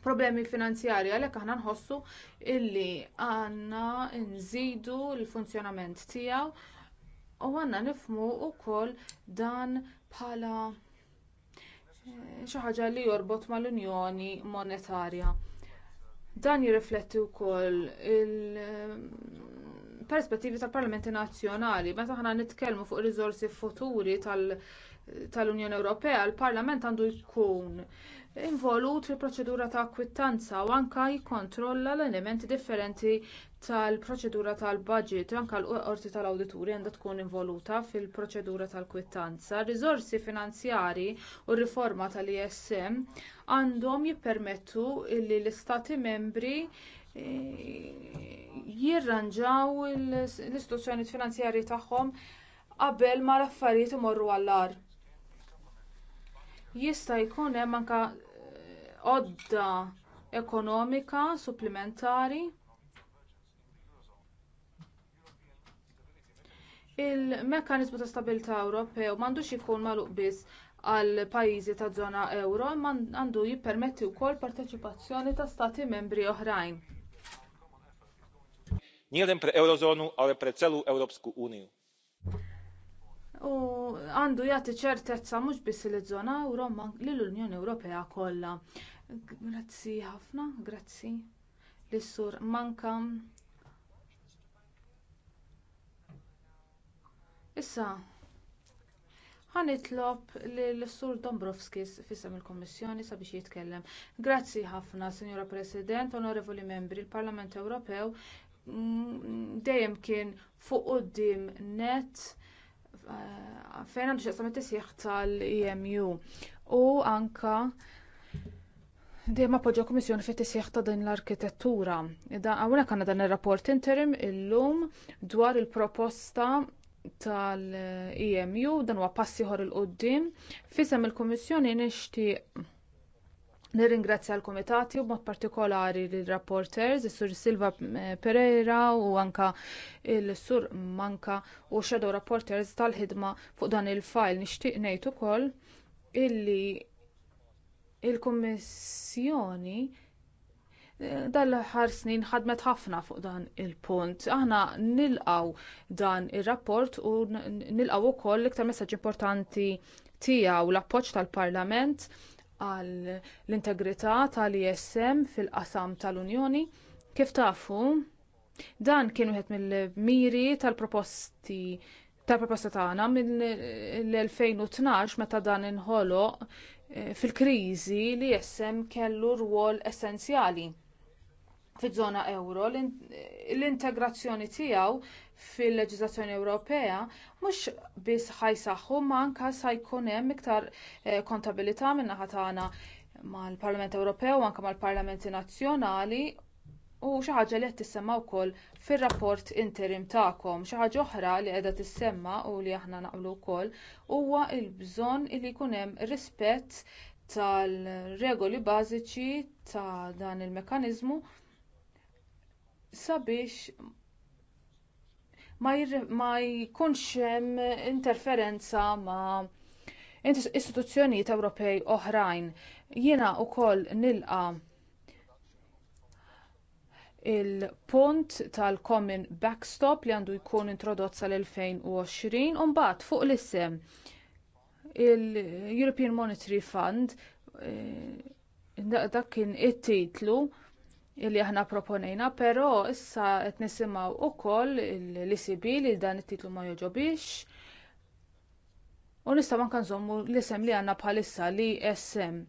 problemi finanzjarji għalhekk aħna nħossu illi għandna nżidu l-funzjonament tiegħu u għandna nifhmu wkoll dan bħala eh, xi ħaġa li jorbot mal-Unjoni Monetarja. Dan jirrifletti wkoll il-perspettivi tal-Parlamenti Nazzjonali. Meta aħna nitkellmu fuq ir-riżorsi futuri tal-Unjoni tal Ewropea, l parlament għandu jkun involut fil-proċedura ta' kwitanza u anke jikkontrolla l-elementi differenti tal-proċedura tal-baġit u anke l-qorti tal-awdituri għandha tkun involuta fil-proċedura tal-kwittanza. Riżorsi finanzjarji u r-riforma tal-ISM għandhom jippermettu li l-istati membri eh, jirranġaw l-istituzzjonijiet finanzjarji tagħhom qabel ma l-affarijiet imorru għall għar jista' jkun hemm anke odda ekonomika supplimentari il-mekkaniżmu ta' stabilità Ewropew m'għandux ikun magħluq biss għal pajjiżi taż-żona euro imma għandu jippermetti wkoll parteċipazzjoni ta' stati membri oħrajn. pre Eurozonu għal pre celu Uniju. U għandu jagħti ċertezza mhux biss liż żona euro ma lill-Unjoni Ewropea kollha. Grazzi ħafna, grazzi. Lissur manka. Issa, li lill-Sur Dombrovskis fissam il-Kommissjoni sabiex jitkellem. Grazzi ħafna, Signora President, Onorevoli Membri, il-Parlament Ewropew mm, dejjem kien fuq quddiem net eh, fejn għandu xaqsam it-tisjeħ tal-EMU u anka Dejjem appoġġja Kummissjoni fit tisjeħ ta' din l-arkitettura. Da għawna għandna dan ir-rapport interim illum dwar il-proposta tal-EMU dan huwa passi ieħor il qoddim Fisem il-Kummissjoni nixtieq Nirringrazzja l kumitati u mod partikolari l-rapporters, is-Sur Silva eh, Pereira u anka il-Sur Manka u Shadow Rapporters tal-ħidma fuq dan il-fajl nixtieq ngħid ukoll illi il-kummissjoni dal l-aħħar snin ħadmet ħafna fuq dan il-punt. Aħna nilqaw dan ir-rapport u nilqaw wkoll l-iktar messaġġ importanti tiegħu l-appoġġ tal-Parlament għal l-integrità tal-ISM fil-qasam tal-Unjoni. Kif tafu, dan kien wieħed mill-miri tal-proposti tal-proposta tagħna mill-2012 meta dan inħoloq Eh, fil-kriżi li jessem kellu rwol essenzjali fiż-żona euro l-integrazzjoni tiegħu fil-leġiżlazzjoni Ewropea mhux biss ħajsaħħu ma anke se jkun hemm iktar eh, kontabilità min-naħa tagħna mal-Parlament Ewropew u anke mal-Parlamenti Nazzjonali u xi ħaġa li qed tissemma wkoll fir-rapport interim tagħkom xi ħaġa oħra li qiegħda tissemma u li aħna naqblu wkoll huwa l-bżonn li jkun hemm rispett tal-regoli bażiċi ta' dan il-mekkaniżmu sabiex ma jkunx hemm interferenza ma' istituzzjonijiet Ewropej oħrajn. Jiena wkoll nilqa' il-punt tal-common backstop li għandu jkun introdott sal-2020 u mbagħad fuq l-isem il-European Monetary Fund eh, dak kien it-titlu illi aħna proponejna, però issa qed nisimgħu wkoll l-ICB li dan it-titlu ma joġobix. U nista' ma nżommu l-isem li għandna bħalissa li SM.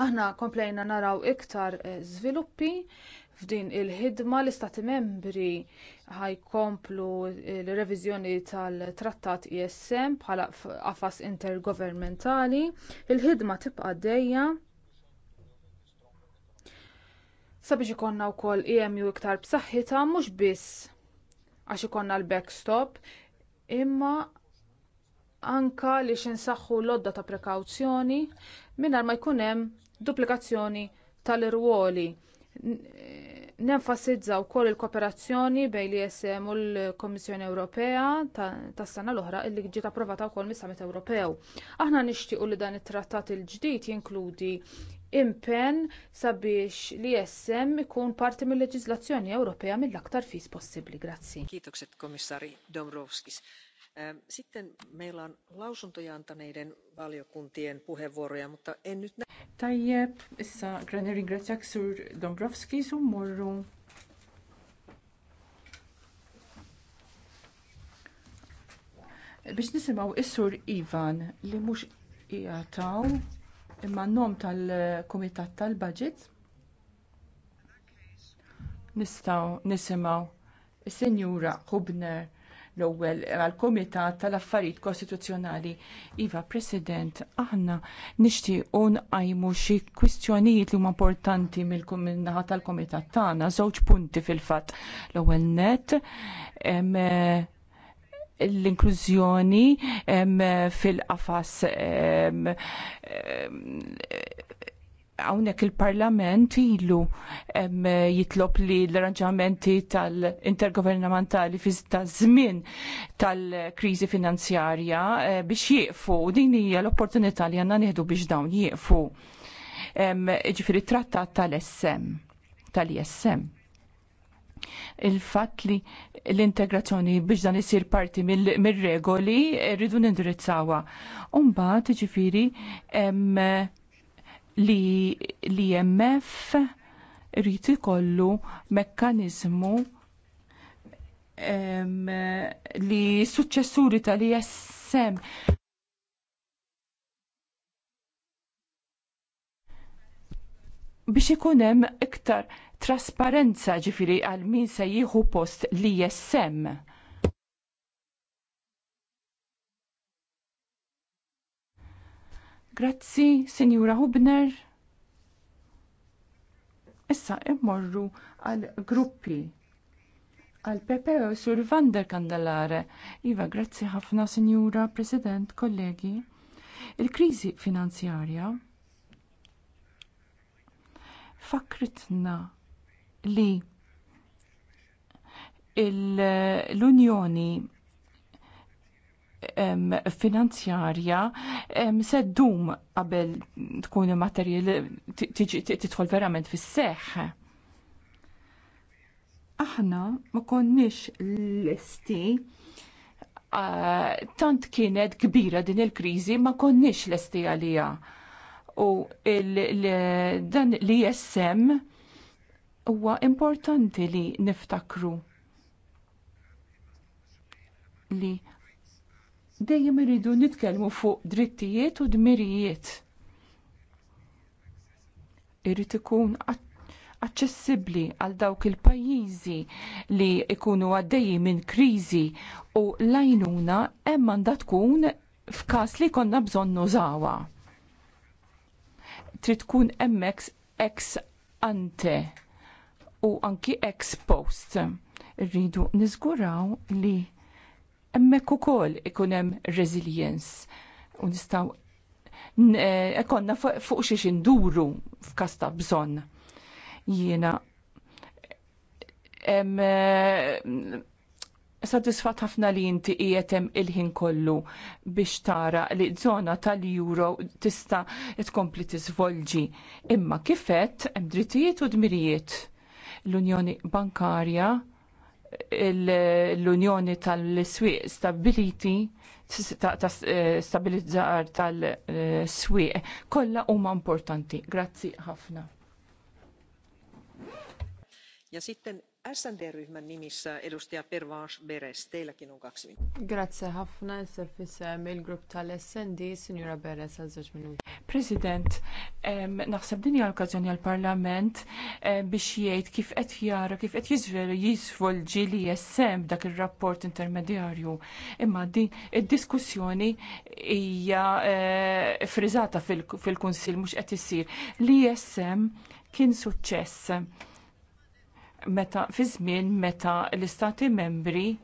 Aħna komplejna naraw iktar eh, żviluppi f'din il-ħidma l-istati membri ħajkomplu l-reviżjoni tal-trattat ISM bħala qafas intergovernmentali. Il-ħidma tibqa' dejja sabiex ikonna wkoll EMU iktar b'saħħitha mhux biss għax ikonna l-backstop imma anke li xinsaħħu l-odda ta' prekawzjoni mingħajr ma jkun hemm duplikazzjoni tal-irwoli. Eh, nenfasizza wkoll il-kooperazzjoni bejn l-ISM u l-Kommissjoni Ewropea tas-sena l-oħra illi ġiet approvata wkoll mis-Summit Ewropew. Aħna nixtiequ li dan it-trattat il-ġdid jinkludi impenn sabiex li jessem ikun parti mill-leġiżlazzjoni Ewropea mill-aktar fis possibbli. Grazzi. Kitokset Komissari Domrovskis. Ehm, sitten meillä on lausuntoja antaneiden valiokuntien puheenvuoroja, mutta en nyt nä- Tajjeb, issa għrani ringrazzjak sur Dombrovski su morru. Biex nisimaw is Ivan li mhux jgħataw imma nom tal-Kumitat tal-Budget nistaw nisimaw is Hubner l-ewwel għall-Kumitat tal-Affarijiet Kostituzzjonali. Iva President, aħna nixtiequ nqajmu xi kwistjonijiet li huma importanti mill-naħa tal-Kumitat tagħna, żewġ punti fil-fatt. L-ewwel net l-inklużjoni fil-qafas hawnhekk il-Parlament ilu jitlob li l-arranġamenti tal-intergovernamentali ta' żmien tal-kriżi finanzjarja eh, biex jieqfu din hija l-opportunità li għandna nieħdu biex dawn jieqfu. Ġifieri trattat tal-SM tal-ISM il-fatt li l-integrazzjoni biex dan isir parti mir-regoli eh, rridu nindirizzawa. Umba, ġifiri, li l-IMF rrit ikollu mekkaniżmu li suċċessuri tal-ISM biex ikun hemm iktar trasparenza ġifiri għal min se jieħu post li jessem. Grazzi, Sinjura Hubner. Issa immorru għal gruppi. Għal Pepe u Sur Vander Kandelare. Iva, grazzi ħafna, Signora President, kollegi. Il-krizi finanzjarja fakritna li l-Unjoni finanzjarja se seddum qabel tkun il-materjal tidħol verament fis-seħħ. Aħna ma konniex lesti tant kienet kbira din il-kriżi ma konniex lesti għalija. U dan li jessem huwa importanti li niftakru li dejjem iridu nitkellmu fuq drittijiet u dmirijiet. Irid ikun aċċessibbli għal dawk il-pajjiżi li ikunu għaddejji minn kriżi u l-għajnuna hemm għandha tkun f'każ li konna bżonn nużawha. Trid tkun hemmhekk ex ante u anki ex post. Rridu niżguraw li Hemmhekk ukoll ikun hemm resilience u nistgħu eh, fuq xiex induru f'kasta bżon. Jiena, Jiena eh, Sadisfat ħafna li inti qiegħed il-ħin kollu biex tara li żona tal-Euro tista' tkompli tiżvolġi. Imma kifet hemm drittijiet u dmirijiet. L-Unjoni Bankarja l-Unjoni tal-Swieq stabiliti ta' eh, stabilizzar tal-swieq kollha huma importanti. Grazzi ħafna. Ja sitten ħafna, grupp tal Signora għal minuti. President, naħseb din hija l-okkażjoni għall-Parlament eh, biex jgħid kif qed jara kif qed jisvolġi li jessem dak ir-rapport intermedjarju. Imma din id-diskussjoni hija eh, friżata fil-Kunsill mhux qed isir. Li jessem kien suċċess meta fi żmien meta l-istati membri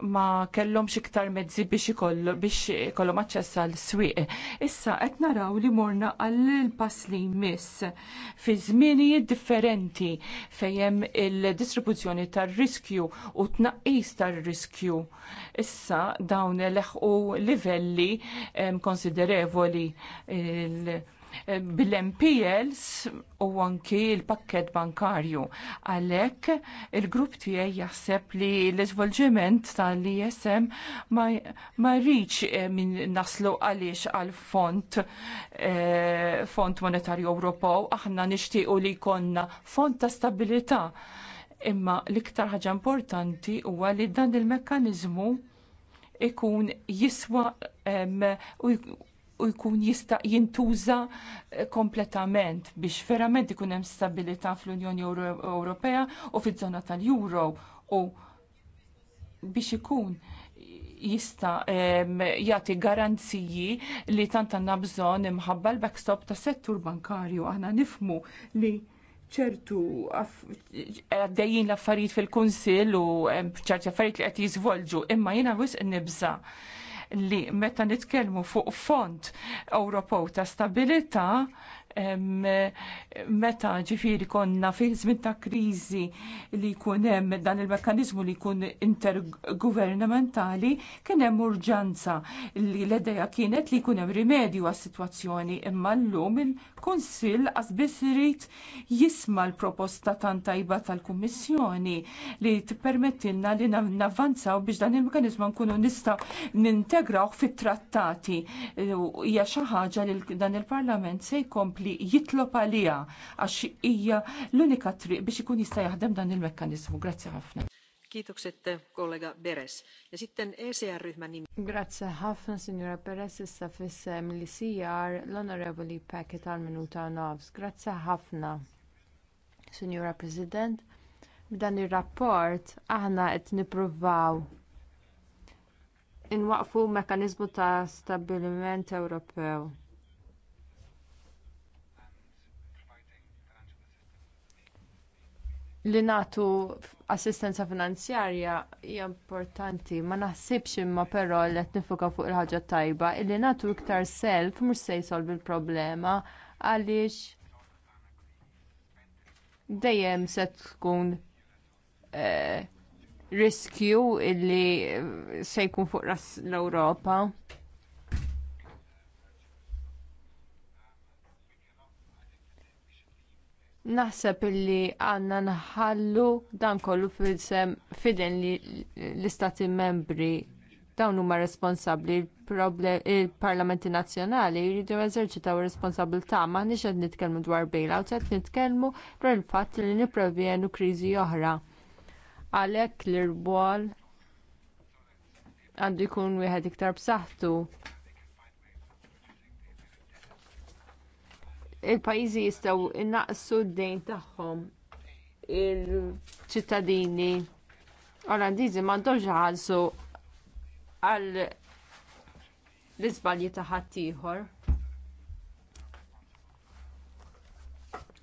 ma kellhomx iktar mezzi biex ikollu biex ikollhom aċċess għal swieq. Issa qed naraw li morna għall pass li jmiss fi żmienijiet differenti fejn il-distribuzzjoni tar-riskju u tnaqqis tar-riskju. Issa dawn leħqu livelli konsiderevoli il- Eh, bil-MPLs u anki l-pakket bankarju. Għalek il-grupp tiegħi jaħseb li l-izvolġiment tal-ISM ma rriċ eh, minn naslu għaliex għal font eh, font monetarju Ewropew aħna nixtiequ li konna font ta' stabilità. Imma l-iktar ħaġa importanti huwa li dan il-mekkaniżmu ikun jiswa u u jkun jista' jintuża eh, kompletament biex verament ikun hemm stabilità fl-Unjoni Ewropea u fiż-żona tal-Euro u biex ikun jista ehm, jagħti garanziji li tant għandna bżonn imħabba l-backstop tas settur bankarju aħna nifmu li ċertu għaddejjin l-affarijiet fil-Kunsill u ehm, ċerti affarijiet li qed jiżvolġu, imma jiena wisq nibża li meta nitkellmu fuq fond Ewropew ta' stabilità meta ġifiri konna fi żmien ta' kriżi li jkun hemm dan il-mekkaniżmu li jkun intergovernamentali kien hemm urġanza li l-idea kienet li jkun hemm rimedju għas-sitwazzjoni imma llum il-Kunsill għas bisrit jisma' l-proposta tan tajba tal-Kummissjoni li tippermettilna li navvanzaw biex dan il-mekkaniżmu nkunu nistgħu nintegrawh fit-trattati hija xi ħaġa li dan il-Parlament se jkompli li jitlob għalija għax hija l-unika triq biex ikun jista' jaħdem dan il-mekkaniżmu. Grazzi ħafna. Kiitokset eh, kollega Beres. Ja sitten ECR-ryhmän nimi. Grazie ħafna, signora Beres, issa fissem li CR l-Honorevoli Packet għal-minuta nofs. Grazie ħafna, signora President. B'dan ir-rapport aħna qed nippruvaw inwaqfu mekkaniżmu ta' stabbiliment Ewropew li nagħtu assistenza finanzjarja hija importanti, ma naħsibx imma però li qed nifuka fuq il-ħaġa tajba, illi nagħtu iktar self mhux se jsolvi l-problema għaliex dejjem se tkun eh, riskju illi se jkun fuq ras l-Ewropa. Naħseb illi għandna nħallu dan kollu fil-sem fidin li l-istati membri dawn huma responsabbli il-parlamenti nazzjonali jridu eżerċitaw responsabilità m'aħniex qed nitkellmu dwar bailouts qed nitkellmu dwar il-fatt li nipprevjenu kriżi oħra. Għalhekk l-irwol għandu jkun wieħed iktar b'saħħtu il-pajjiżi jistgħu innaqsu d-dejn tagħhom il-ċittadini Olandiżi m'għandhomx ħalsu għal l-iżbalji ta' ħaddieħor.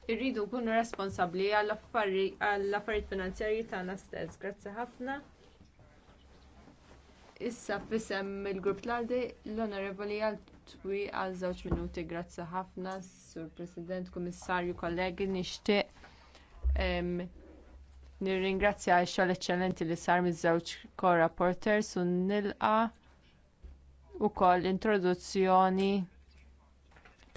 Irridu nkunu responsabbli għall-affarijiet finanzjarji tagħna stess. Grazzi ħafna. Issa fisem il-grupp tal-di l-Onorevoli għal twi għal żewġ minuti. Grazzi ħafna, Sur President, Kummissarju, kollegi, nixtieq nirringrazzja għal xogħol eċċellenti li sar miż-żewġ co-rapporters u nilqa wkoll introduzzjoni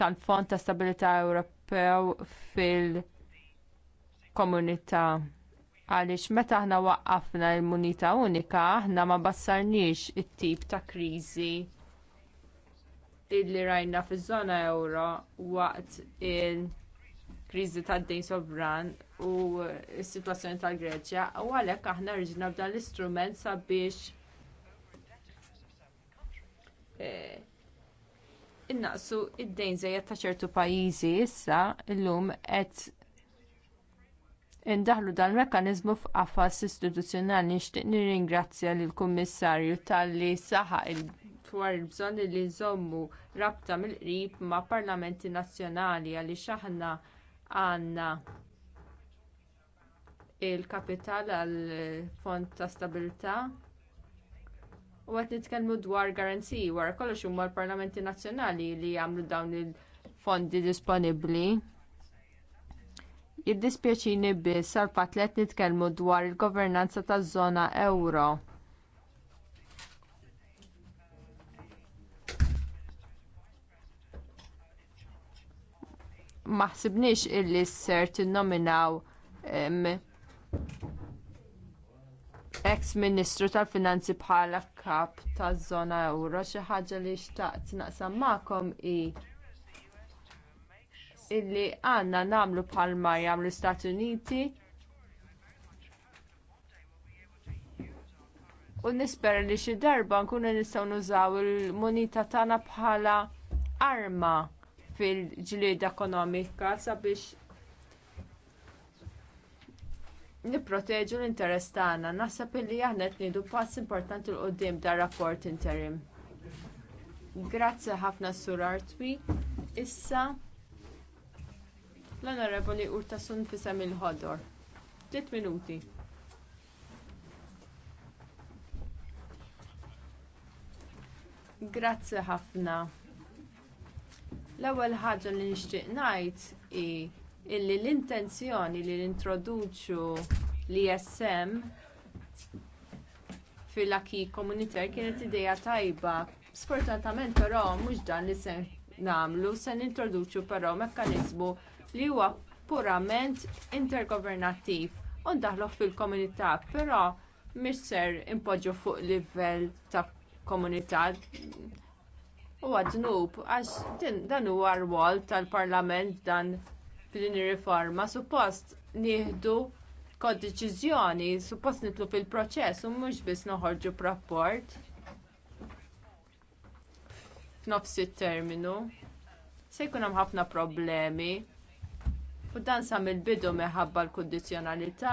tal-Fond ta' Stabilità Ewropew fil-Komunità għaliex meta aħna waqqafna l-munita unika aħna ma bassarniex it-tip ta' kriżi illi rajna fiż-żona ewro waqt il-kriżi tad-dejn sovran u s-sitwazzjoni tal-Greċja u għalhekk aħna rġina b'dan l-istrument sabiex e, innaqsu id-dejn żejjed ta' ċertu pajjiżi issa llum qed indaħħlu dan il-mekkaniżmu f'qafas istituzzjonali nixtieq nirringrazzja lill-kummissarju talli saħaq il dwar il-bżonn li nżommu rabta mill-qrib ma' parlamenti nazzjonali għaliex aħna għandna il-kapital għall-fond ta' stabbiltà u qed nitkellmu dwar garanziji wara kollox huma l-parlamenti nazzjonali li jagħmlu dawn il-fondi disponibbli. Jiddispjaċini biss għall fatt li qed nitkellmu dwar il-governanza taż-żona ewro. ma ħsibniex illi ser tinnominaw ex ministru tal-finanzi bħala kap taż-żona Ewro xi ħaġa li xtaqt naqsam magħkom hi illi għandna nagħmlu bħalma jagħmlu l-Istati Uniti u nispera li xi darba nkunu nistgħu nużaw il-munita tagħna bħala arma fil ġlied ekonomika sabiex nipproteġu l-interess tagħna naħseb illi aħna qed ngħidu pass importanti l qudiem dar-rapport interim. Grazzi ħafna Sur Artwi. Issa l-Onorevoli Urtasun fisem il-ħodor. Tliet minuti. Grazzi ħafna. L-ewwel ħaġa li nixtieq ngħid hi illi l-intenzjoni li nintroduċu l-ISM fil-aki komuniter kienet idea tajba. Sfortunatament però mhux dan li se nagħmlu se nintroduċu però mekkaniżmu li huwa purament intergovernattiv u ndaħluh fil-komunità, però mhix ser impoġġu fuq livell ta' komunità U dnub għax dan huwa rwol tal-Parlament dan din ir-riforma suppost nieħdu kodeċiżjoni, suppost nitlu fil-proċess u mhux biss noħorġu b'rapport f'nofs it-terminu. Se jkun hemm ħafna problemi u dan sa mill-bidu meħabba l-kundizzjonalità